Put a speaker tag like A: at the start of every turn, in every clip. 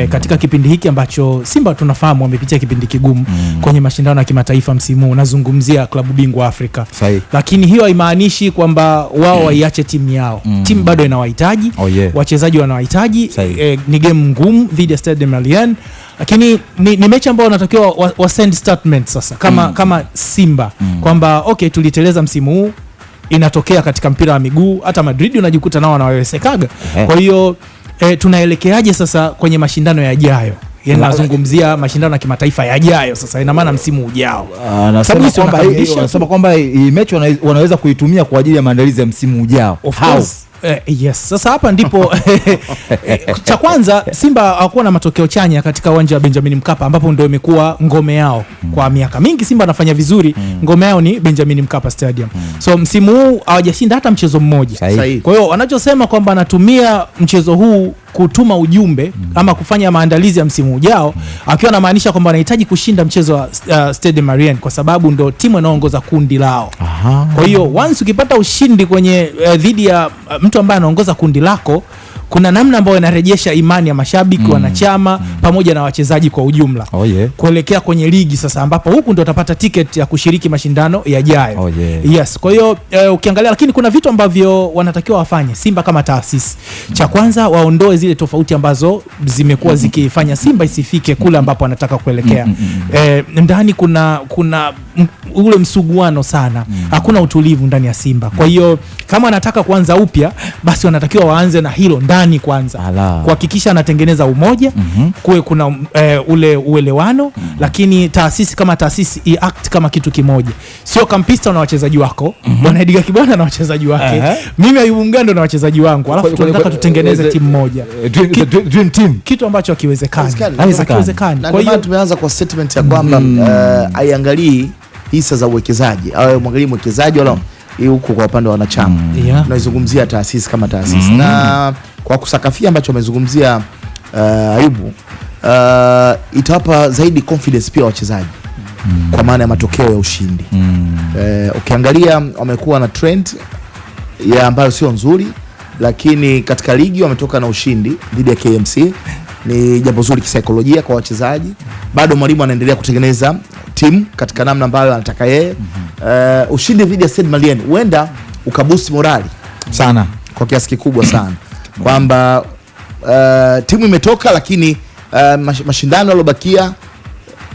A: Eh, katika kipindi hiki ambacho Simba tunafahamu wamepitia kipindi kigumu mm. kwenye mashindano ya kimataifa msimu huu, nazungumzia klabu bingwa Afrika Sai. Lakini hiyo haimaanishi kwamba wao mm. waiache timu yao mm. timu bado inawahitaji oh, yeah. wachezaji wanawahitaji e, ni game ngumu dhidi ya Stade Malien lakini ni, ni mechi ambayo wanatakiwa wa, send statement sasa kama, mm. kama Simba mm. kwamba okay, tuliteleza msimu huu, inatokea katika mpira wa miguu. Hata Madrid unajikuta nao wanawewesekaga, kwa hiyo e, tunaelekeaje sasa kwenye mashindano yajayo? Yaani nazungumzia mashindano ya kimataifa yajayo sasa, ina maana msimu ujao.
B: Anasema ah, kwamba hii mechi wanaweza kuitumia kwa ajili ya maandalizi ya msimu ujao.
A: Eh, yes. Sasa hapa ndipo eh, cha kwanza Simba hawakuwa na matokeo chanya katika uwanja wa Benjamin Mkapa ambapo ndio imekuwa ngome yao kwa miaka mingi. Simba anafanya vizuri, mm. ngome yao ni Benjamin Mkapa Stadium. Mm. So msimu huu hawajashinda hata mchezo mmoja. Kwa hiyo wanachosema kwamba anatumia mchezo huu kutuma ujumbe mm. ama kufanya maandalizi ya msimu ujao mm. akiwa anamaanisha kwamba anahitaji kushinda mchezo wa uh, Stade marien kwa sababu ndo timu inayoongoza kundi lao. Aha. Kwa hiyo once ukipata ushindi kwenye uh, dhidi uh, ya uh, mtu ambaye anaongoza kundi lako kuna namna ambayo inarejesha imani ya mashabiki mm, wanachama mm, pamoja na wachezaji kwa ujumla oh, yeah. kuelekea kwenye ligi sasa, ambapo huku ndio utapata tiketi ya kushiriki mashindano yajayo oh, yeah. yes. Kwa hiyo uh, ukiangalia, lakini kuna vitu ambavyo wanatakiwa wafanye Simba kama taasisi cha kwanza waondoe zile tofauti ambazo zimekuwa mm-hmm. zikifanya Simba isifike kule ambapo wanataka kuelekea mm, mm, Eh, ndani kuna kuna ule msuguano sana mm. hakuna utulivu ndani ya Simba. Kwa hiyo kama wanataka kuanza upya, basi wanatakiwa waanze na hilo ndani ndani kwanza kuhakikisha anatengeneza umoja mm -hmm. kuwe kuna e, ule uelewano mm -hmm. lakini taasisi kama taasisi act kama kitu kimoja, sio kampista na wachezaji wako mm -hmm. bwana Edgar Kibwana na wachezaji wake uh -huh. mimi Ayubu Mgando na wachezaji wangu, alafu tunataka tutengeneze timu moja,
B: eh, dream team,
A: kitu ambacho hakiwezekani. Hakiwezekani.
B: Kwa hiyo tumeanza kwa statement ya kwamba mm uh, eh, aiangalii hisa za uwekezaji au mwangalie mwekezaji wala huko mm. kwa upande wa wanachama mm. yeah. Tunaizungumzia taasisi kama taasisi mm. na kwa kusakafia ambacho amezungumzia uh, Ayubu uh, itawapa zaidi confidence pia wachezaji mm. kwa maana ya matokeo ya ushindi mm. uh, ukiangalia wamekuwa na trend ya ambayo sio nzuri, lakini katika ligi wametoka na ushindi dhidi ya KMC ni jambo zuri kisaikolojia kwa wachezaji. Bado mwalimu anaendelea kutengeneza timu katika namna ambayo anataka yeye. mm -hmm. Uh, ushindi dhidi ya Stade Malien huenda ukabusi morali sana kwa kiasi kikubwa sana kwamba uh, timu imetoka lakini uh, mashindano yaliyobakia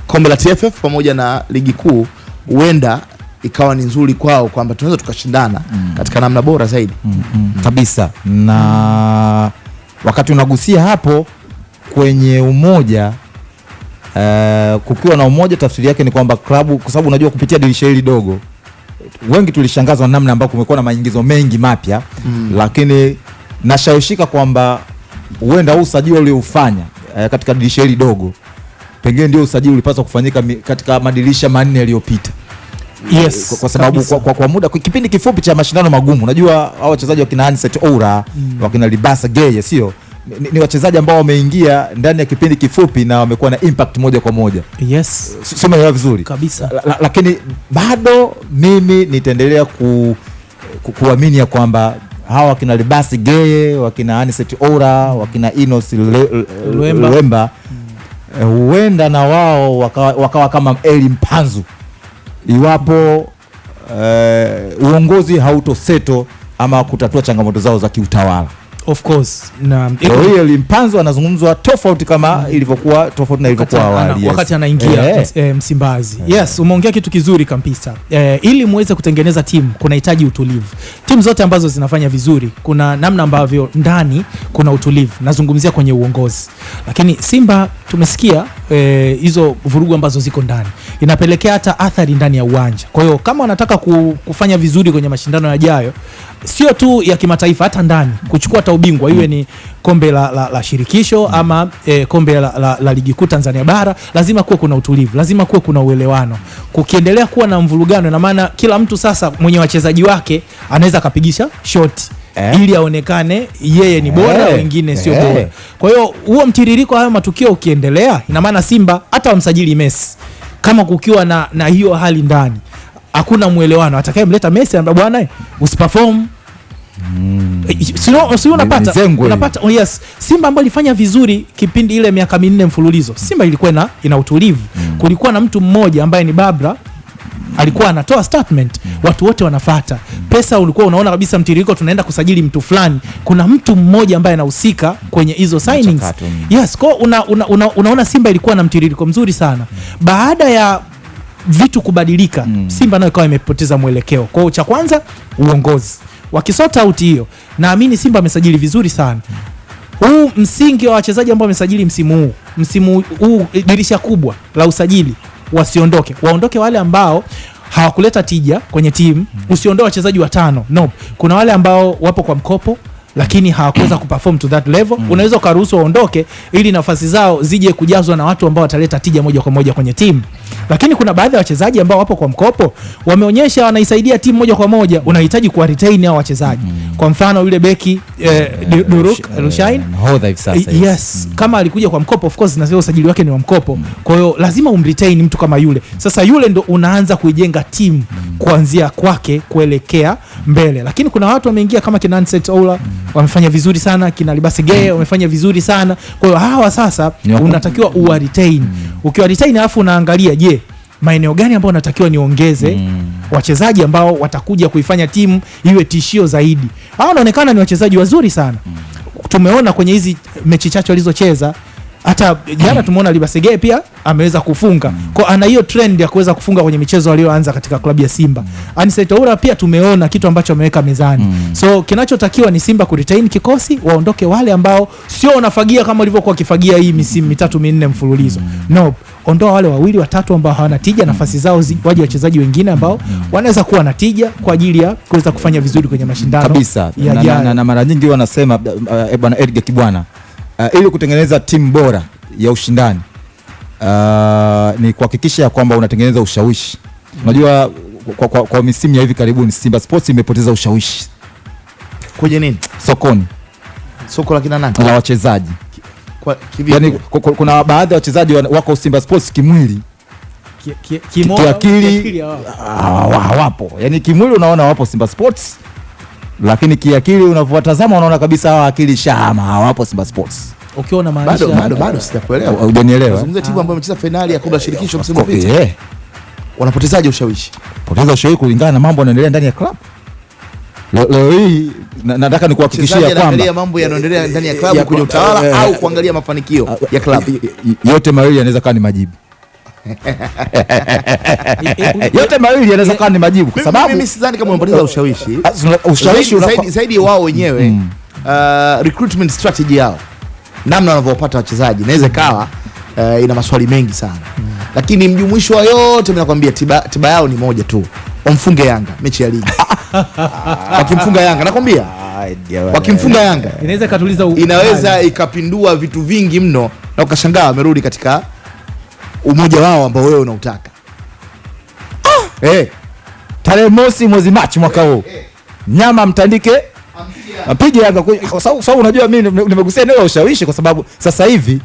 B: kombe la TFF pamoja na ligi kuu huenda ikawa ni nzuri kwao kwamba tunaweza tukashindana mm. katika namna bora zaidi
A: mm mm, mm. kabisa na wakati unagusia hapo kwenye umoja uh, kukiwa na umoja tafsiri yake ni kwamba klabu, kwa sababu unajua kupitia dirisha hili dogo wengi tulishangazwa namna ambayo kumekuwa na maingizo mengi mapya mm. lakini nashawishika kwamba huenda huu usajili ulioufanya eh, katika dirisha hili dogo pengine ndio usajili ulipaswa kufanyika katika madirisha manne yaliyopita. Yes,
B: kwa sababu kwa, kwa, kwa muda kwa kipindi kifupi cha mashindano magumu, unajua hao wachezaji wakina Handset Oura mm. wakina Libasa Geye sio ni, ni wachezaji ambao wameingia ndani ya kipindi kifupi na wamekuwa na impact moja kwa moja. Yes. Sio vizuri kabisa. La, la, lakini bado mimi nitaendelea ku, ku, kuamini ya kwamba hawa wakina Libasi Geye, wakina aniset Ora, wakina Inos Lwemba huenda na wao wakawa waka kama Eli Mpanzu iwapo eh, uongozi uh, hautoseto ama kutatua changamoto zao za kiutawala of course na hiyo Limpanzo anazungumzwa tofauti kama ilivyokuwa tofauti na ilivyokuwa awali
A: wakati anaingia yes. Eh. E, eh, Msimbazi e. Yes, umeongea kitu kizuri kabisa e, ili muweze kutengeneza timu kunahitaji utulivu. Timu zote ambazo zinafanya vizuri kuna namna ambavyo ndani kuna utulivu, nazungumzia kwenye uongozi, lakini Simba tumesikia hizo e, vurugu ambazo ziko ndani inapelekea hata athari ndani ya uwanja. Kwa hiyo kama wanataka kufanya vizuri kwenye mashindano yajayo, sio tu ya kimataifa, hata ndani kuchukua ubingwa iwe ni kombe la, la, la shirikisho mm. ama eh, kombe la, la, la ligi kuu Tanzania bara, lazima kuwe kuna utulivu, lazima kuwe kuna uelewano. Kukiendelea kuwa na mvurugano, ina maana kila mtu sasa mwenye wachezaji wake anaweza akapigisha shoti Eh, ili aonekane yeye ni bora eh, wengine sio eh, bora. Kwa hiyo huo mtiririko, hayo matukio ukiendelea, ina maana Simba hata wamsajili Messi, kama kukiwa na, na hiyo hali ndani, hakuna mwelewano, atakayemleta Messi anambia bwana usiperform Simba ambayo ilifanya vizuri kipindi ile miaka minne mfululizo. Simba ilikuwa ina, ina utulivu. Mm. Kulikuwa na mtu mmoja ambaye ni Babra alikuwa anatoa statement, mm. watu wote wanafata. Pesa ulikuwa unaona kabisa mtiririko, tunaenda kusajili mtu fulani, kuna mtu mmoja ambaye anahusika kwenye hizo signings. Yes, kwa una, una, una, unaona Simba ilikuwa na mtiririko mzuri sana. Mm. Baada ya vitu kubadilika, mm. Simba nayo ikawa imepoteza mwelekeo. Kwa cha kwanza uongozi wakisota out hiyo, naamini Simba amesajili vizuri sana huu msingi wa wachezaji ambao wamesajili msimu huu msimu huu dirisha kubwa la usajili, wasiondoke, waondoke wale ambao hawakuleta tija kwenye timu. Usiondoe wachezaji watano, no. Kuna wale ambao wapo kwa mkopo lakini hawakuweza kuperform to that level mm. Unaweza ukaruhusu waondoke ili nafasi zao zije kujazwa na watu ambao wataleta tija moja kwa moja kwenye timu lakini kuna baadhi ya wachezaji ambao wapo kwa mkopo wameonyesha wanaisaidia timu moja kwa moja, unahitaji kuwa retain hao wachezaji mm. Kwa mfano yule beki eh, uh, Duruk uh, Rushain
B: uh, hivi sasa
A: yes mm. Kama alikuja kwa mkopo, of course na sio usajili wake ni wa mkopo mm. Kwa hiyo lazima umretain mtu kama yule. Sasa yule ndo unaanza kuijenga timu mm. kuanzia kwake kuelekea mbele, lakini kuna watu wameingia kama kina Ansett Ola wamefanya vizuri sana, kina Libasi Gay wamefanya vizuri sana. Kwa hiyo hawa sasa unatakiwa uwa retain, ukiwa retain alafu unaangalia je maeneo gani ambayo natakiwa niongeze mm. wachezaji ambao watakuja kuifanya timu iwe tishio zaidi. Hao wanaonekana ni wachezaji wazuri sana mm. tumeona kwenye hizi mechi chache walizocheza hata jana tumeona Libasege pia ameweza kufunga kwa, ana hiyo trend ya kuweza kufunga kwenye michezo aliyoanza katika klabu ya Simba. Anise Toura pia tumeona kitu ambacho ameweka mezani, mm. so kinachotakiwa ni Simba kuretain kikosi, waondoke wale ambao sio wanafagia kama walivyokuwa wakifagia hii misimu mitatu minne mfululizo no. Ondoa wale wawili watatu ambao hawana tija, nafasi zao waje wachezaji wengine ambao wanaweza kuwa na tija kwa ajili ya kuweza kufanya vizuri kwenye mashindano
B: kabisa. Na, na, na, na mara nyingi wanasema uh, bwana Edgar Kibwana uh, ili kutengeneza timu bora ya ushindani uh, ni kuhakikisha ya kwamba unatengeneza ushawishi. Unajua kwa, kwa, kwa misimu ya hivi karibuni Simba Sports imepoteza ushawishi kwenye nini? Sokoni,
A: soko la kina nani?
B: La wachezaji yani, kuna baadhi ya wachezaji wako Simba Sports kimwili kiakili hawapo, ah, yani kimwili unaona wapo Simba Sports lakini kiakili unavyowatazama unaona kabisa hawa akili shahama hawapo Simba Sports.
A: Ukiona na maanisha bado bado bado sijakuelewa. Hujanielewa. Unazungumzia timu ambayo imecheza finali ya kombe la shirikisho
B: msimu uliopita. Eh.
A: Wanapotezaje ushawishi?
B: Poteza ushawishi kulingana na mambo yanayoendelea ndani ya club. Leo hii nataka nikuhakikishia kwamba
A: mambo yanaendelea ndani ya club kwenye utawala eh, au kuangalia mafanikio eh, ya club.
B: Yote mawili yanaweza kuwa ni majibu.
A: yote mawili yanaweza kuwa ni majibu, kwa sababu
B: mimi sidhani kama unapoteza ushawishi.
A: Ah, ushawishi
B: zaidi wao wenyewe, mm. uh, recruitment strategy yao, namna wanavyopata wachezaji inaweza ikawa uh, ina maswali mengi sana mm. Lakini mjumuisho wa yote mimi nakwambia tiba, tiba yao ni moja tu, wamfunge Yanga mechi ya ligi wakimfunga Yanga nakwambia wakimfunga Yanga
A: inaweza ikatuliza,
B: inaweza yaani. ikapindua vitu vingi mno na ukashangaa wamerudi katika umoja wao ambao wewe unautaka. Ah! eh, tarehe mosi mwezi Machi mwaka huu hey, hey. Nyama mtandike apige Yanga kwa sababu unajua mimi nimegusia eneo la ushawishi, kwa sababu sasa hivi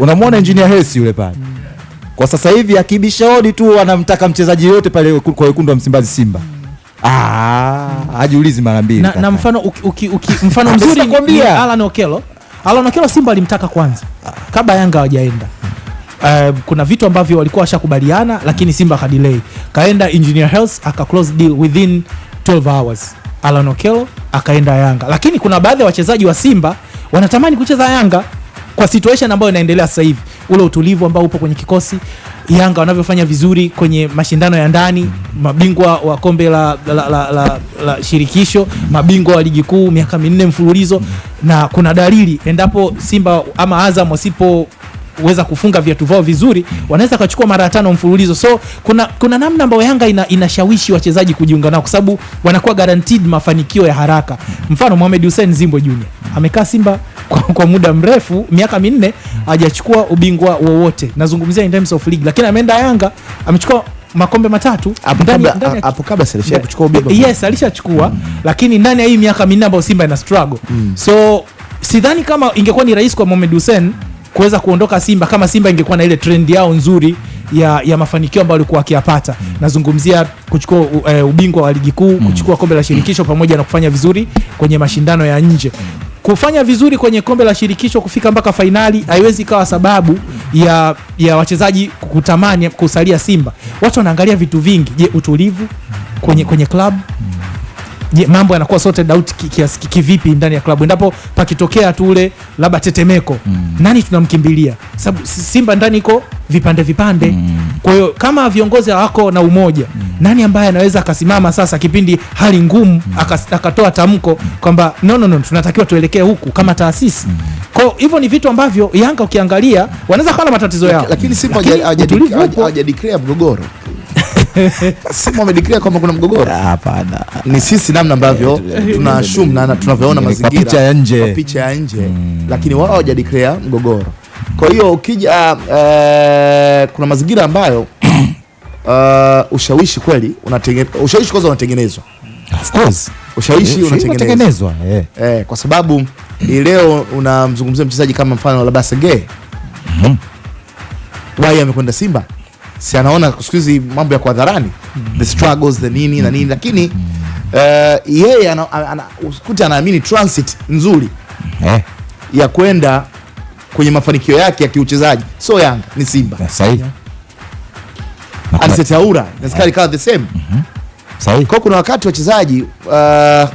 B: unamwona engineer Hersi yule pale Kwa sasa hivi akibisha hodi tu wanamtaka mchezaji yote pale kwa wekundu wa Msimbazi Simba Ah, hajiulizi mara mbili
A: na, na mfano, uki, uki, uki, mfano mzuri ni Alan Okelo. Alan Okelo Simba alimtaka kwanza kabla Yanga hawajaenda um, kuna vitu ambavyo walikuwa washakubaliana, lakini Simba kadelay, kaenda Engineer Health aka close deal within 12 hours, Alan Okello akaenda Yanga, lakini kuna baadhi ya wachezaji wa Simba wanatamani kucheza Yanga kwa situation ambayo inaendelea sasa hivi, ule utulivu ambao upo kwenye kikosi Yanga wanavyofanya vizuri kwenye mashindano ya ndani, mabingwa wa kombe la, la, la, la, la, la shirikisho, mabingwa wa ligi kuu miaka minne mfululizo, na kuna dalili endapo Simba ama Azam wasipo kuweza kufunga viatu vao vizuri, wanaweza wakachukua mara tano mfululizo. So kuna, kuna namna ambayo Yanga ina, inashawishi wachezaji kujiunga nao kwa sababu wanakuwa guaranteed mafanikio ya haraka. Mfano Mohamed Hussein Zimbo Junior amekaa Simba kwa, kwa muda mrefu miaka minne hajachukua ubingwa wowote, nazungumzia in terms of league, lakini ameenda Yanga amechukua makombe matatu
B: hapo kabla alishachukua ubingwa.
A: Yes, alishachukua mm. Lakini ndani ya hii miaka minne ambayo Simba ina struggle mm. So sidhani kama ingekuwa ni rahisi kwa Mohamed Hussein kuweza kuondoka Simba kama Simba ingekuwa na ile trend yao nzuri ya, ya mafanikio ambayo walikuwa wakiyapata. Mm. Nazungumzia kuchukua uh, ubingwa wa ligi kuu, mm. kuchukua kombe la shirikisho pamoja na kufanya vizuri kwenye mashindano ya nje. Mm. Kufanya vizuri kwenye kombe la shirikisho kufika mpaka fainali haiwezi ikawa sababu ya, ya wachezaji kutamani kusalia Simba. Watu wanaangalia vitu vingi. Je, utulivu mm. kwenye, kwenye klabu je, mambo yanakuwa sorted out kiasi kivipi ndani ya klabu endapo pakitokea tu ule labda tetemeko mm. nani tunamkimbilia? Sababu Simba ndani iko vipande vipande mm. kwa hiyo kama viongozi hawako na umoja mm. nani ambaye anaweza akasimama sasa kipindi hali ngumu mm. akatoa tamko mm. kwamba no, no, no tunatakiwa tuelekee huku kama taasisi mm. kwa hivyo ni vitu ambavyo Yanga ukiangalia wanaweza kuwa na matatizo yao,
B: lakini Simba hajadeclare mgogoro si wamedeclare kwamba kuna mgogoro.
A: Hapana,
B: ni sisi namna ambavyo eh, tunashum na tunavyoona mazingira,
A: picha ya nje,
B: picha ya nje, lakini wao hawajadeclare mgogoro. Kwa hiyo ukija, uh, kuna mazingira ambayo uh, ushawishi kweli unatengenezwa, ushawishi kwanza unatengenezwa Of course ushawishi unatengenezwa Eh, kwa sababu leo unamzungumzia mchezaji kama mfano labda Sege mm -hmm. Wai amekwenda Simba si anaona siku hizi mambo ya kwa hadharani the struggles the nini na nini, lakini eh, yeye ana, anaamini transit nzuri eh, ya kwenda kwenye mafanikio yake ya kiuchezaji so Yanga ni Simba. Sahihi. Alisetaura na the same. Mm-hmm. Sahihi. Kwa kuna wakati wachezaji uh,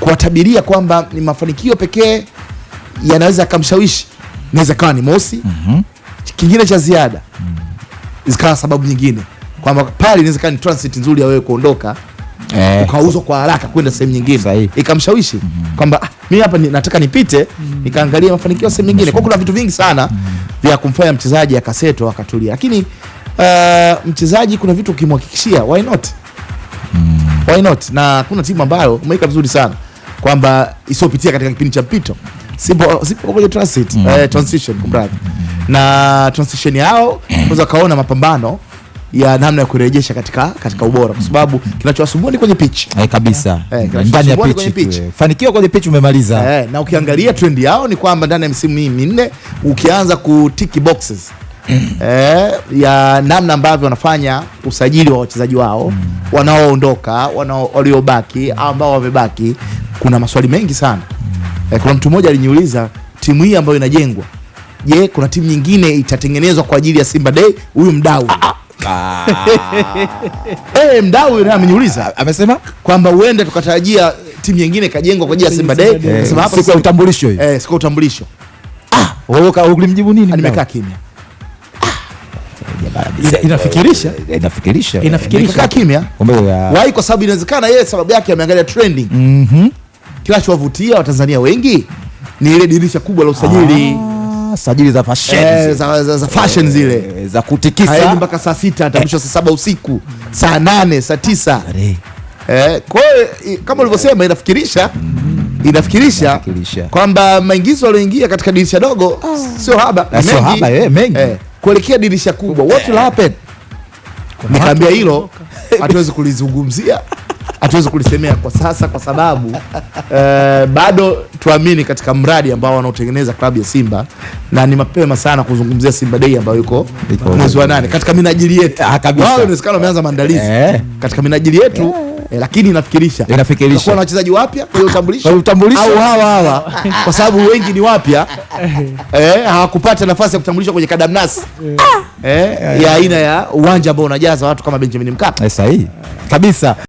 B: kuwatabiria kwamba ni mafanikio pekee yanaweza yakamshawishi, naweza kawa ni mosi mm -hmm. kingine cha ziada mm -hmm zikawa sababu nyingine kwamba pale inaweza kuwa ni transit nzuri ya wewe kuondoka eh, ukauzwa kwa haraka kwenda sehemu nyingine, ikamshawishi mm -hmm. kwamba ah, mimi hapa ni, nataka nipite mm -hmm. nikaangalia mafanikio sehemu nyingine. Kwa kuna vitu vingi sana mm -hmm. vya kumfanya mchezaji akaseto akatulia, lakini uh, mchezaji kuna vitu ukimhakikishia, why not mm -hmm. why not, na kuna timu ambayo umeweka vizuri sana kwamba isiopitia katika kipindi cha mpito sipo sipo kwenye transit mm -hmm. uh, transition kumradhi mm -hmm na transition yao unaweza ukaona mapambano ya namna ya kurejesha katika katika ubora, kwa sababu kinachowasumbua ni kwenye pitch
A: eh, kabisa eh, ndani ya pitch, pitch. Eh. Fanikiwa kwenye pitch umemaliza
B: eh, na ukiangalia trend yao ni kwamba ndani ya msimu hii minne ukianza kutiki boxes mm. eh, ya namna ambavyo wanafanya usajili wa wachezaji wao mm. wanaoondoka wanaoondoka waliobaki ambao wamebaki, kuna maswali mengi sana mm. eh, kuna mtu mmoja aliniuliza timu hii ambayo inajengwa je, kuna timu nyingine itatengenezwa kwa ajili ya Simba Day? Huyu mdau ah. hey, ah. ah. eh, mdau yule ameniuliza, amesema kwamba huenda tukatarajia timu nyingine ikajengwa kwa ajili ya Simba Day,
A: siku ya utambulisho hiyo.
B: Eh, siku ya utambulisho.
A: Ah, ulimjibu nini? Ah,
B: eh, nimekaa kimya.
A: Inafikirisha,
B: inafikirisha,
A: inafikirisha
B: kimya wai, kwa sababu inawezekana yeye sababu yake ameangalia trending. Mhm, kinachowavutia Watanzania wengi ni ile dirisha kubwa la usajili ah
A: sajili za fashion
B: eh, za, za, za fashion eh, zile eh, za kutikisa haendi
A: mpaka saa sita atamishwa saa eh. saba usiku saa nane saa tisa
B: eh, kwa hiyo kama ulivyosema mm. inafikirisha inafikirisha kwamba maingizo yaliyoingia katika dirisha dogo ah, sio haba
A: sio haba eh, mengi
B: kuelekea dirisha kubwa what will happen, nikaambia hilo hatuwezi kulizungumzia hatuwezi kulisemea kwa sasa kwa sababu eh, bado tuamini katika mradi ambao wanaotengeneza klabu ya Simba na ni mapema sana kuzungumzia Simba Day ambayo yuko mwezi wa nane katika minajili yetu.
A: Ah, inawezekana wameanza maandalizi eh.
B: katika minajili yetu eh, eh lakini inafikirisha
A: inafikirisha na
B: wachezaji wapya kwa
A: utambulisho au
B: hawa hawa kwa sababu wengi ni wapya eh, hawakupata nafasi ya kutambulishwa kwenye kadamnasi eh. eh, ya aina ya uwanja ambao unajaza watu kama Benjamin Mkapa. Sahihi kabisa.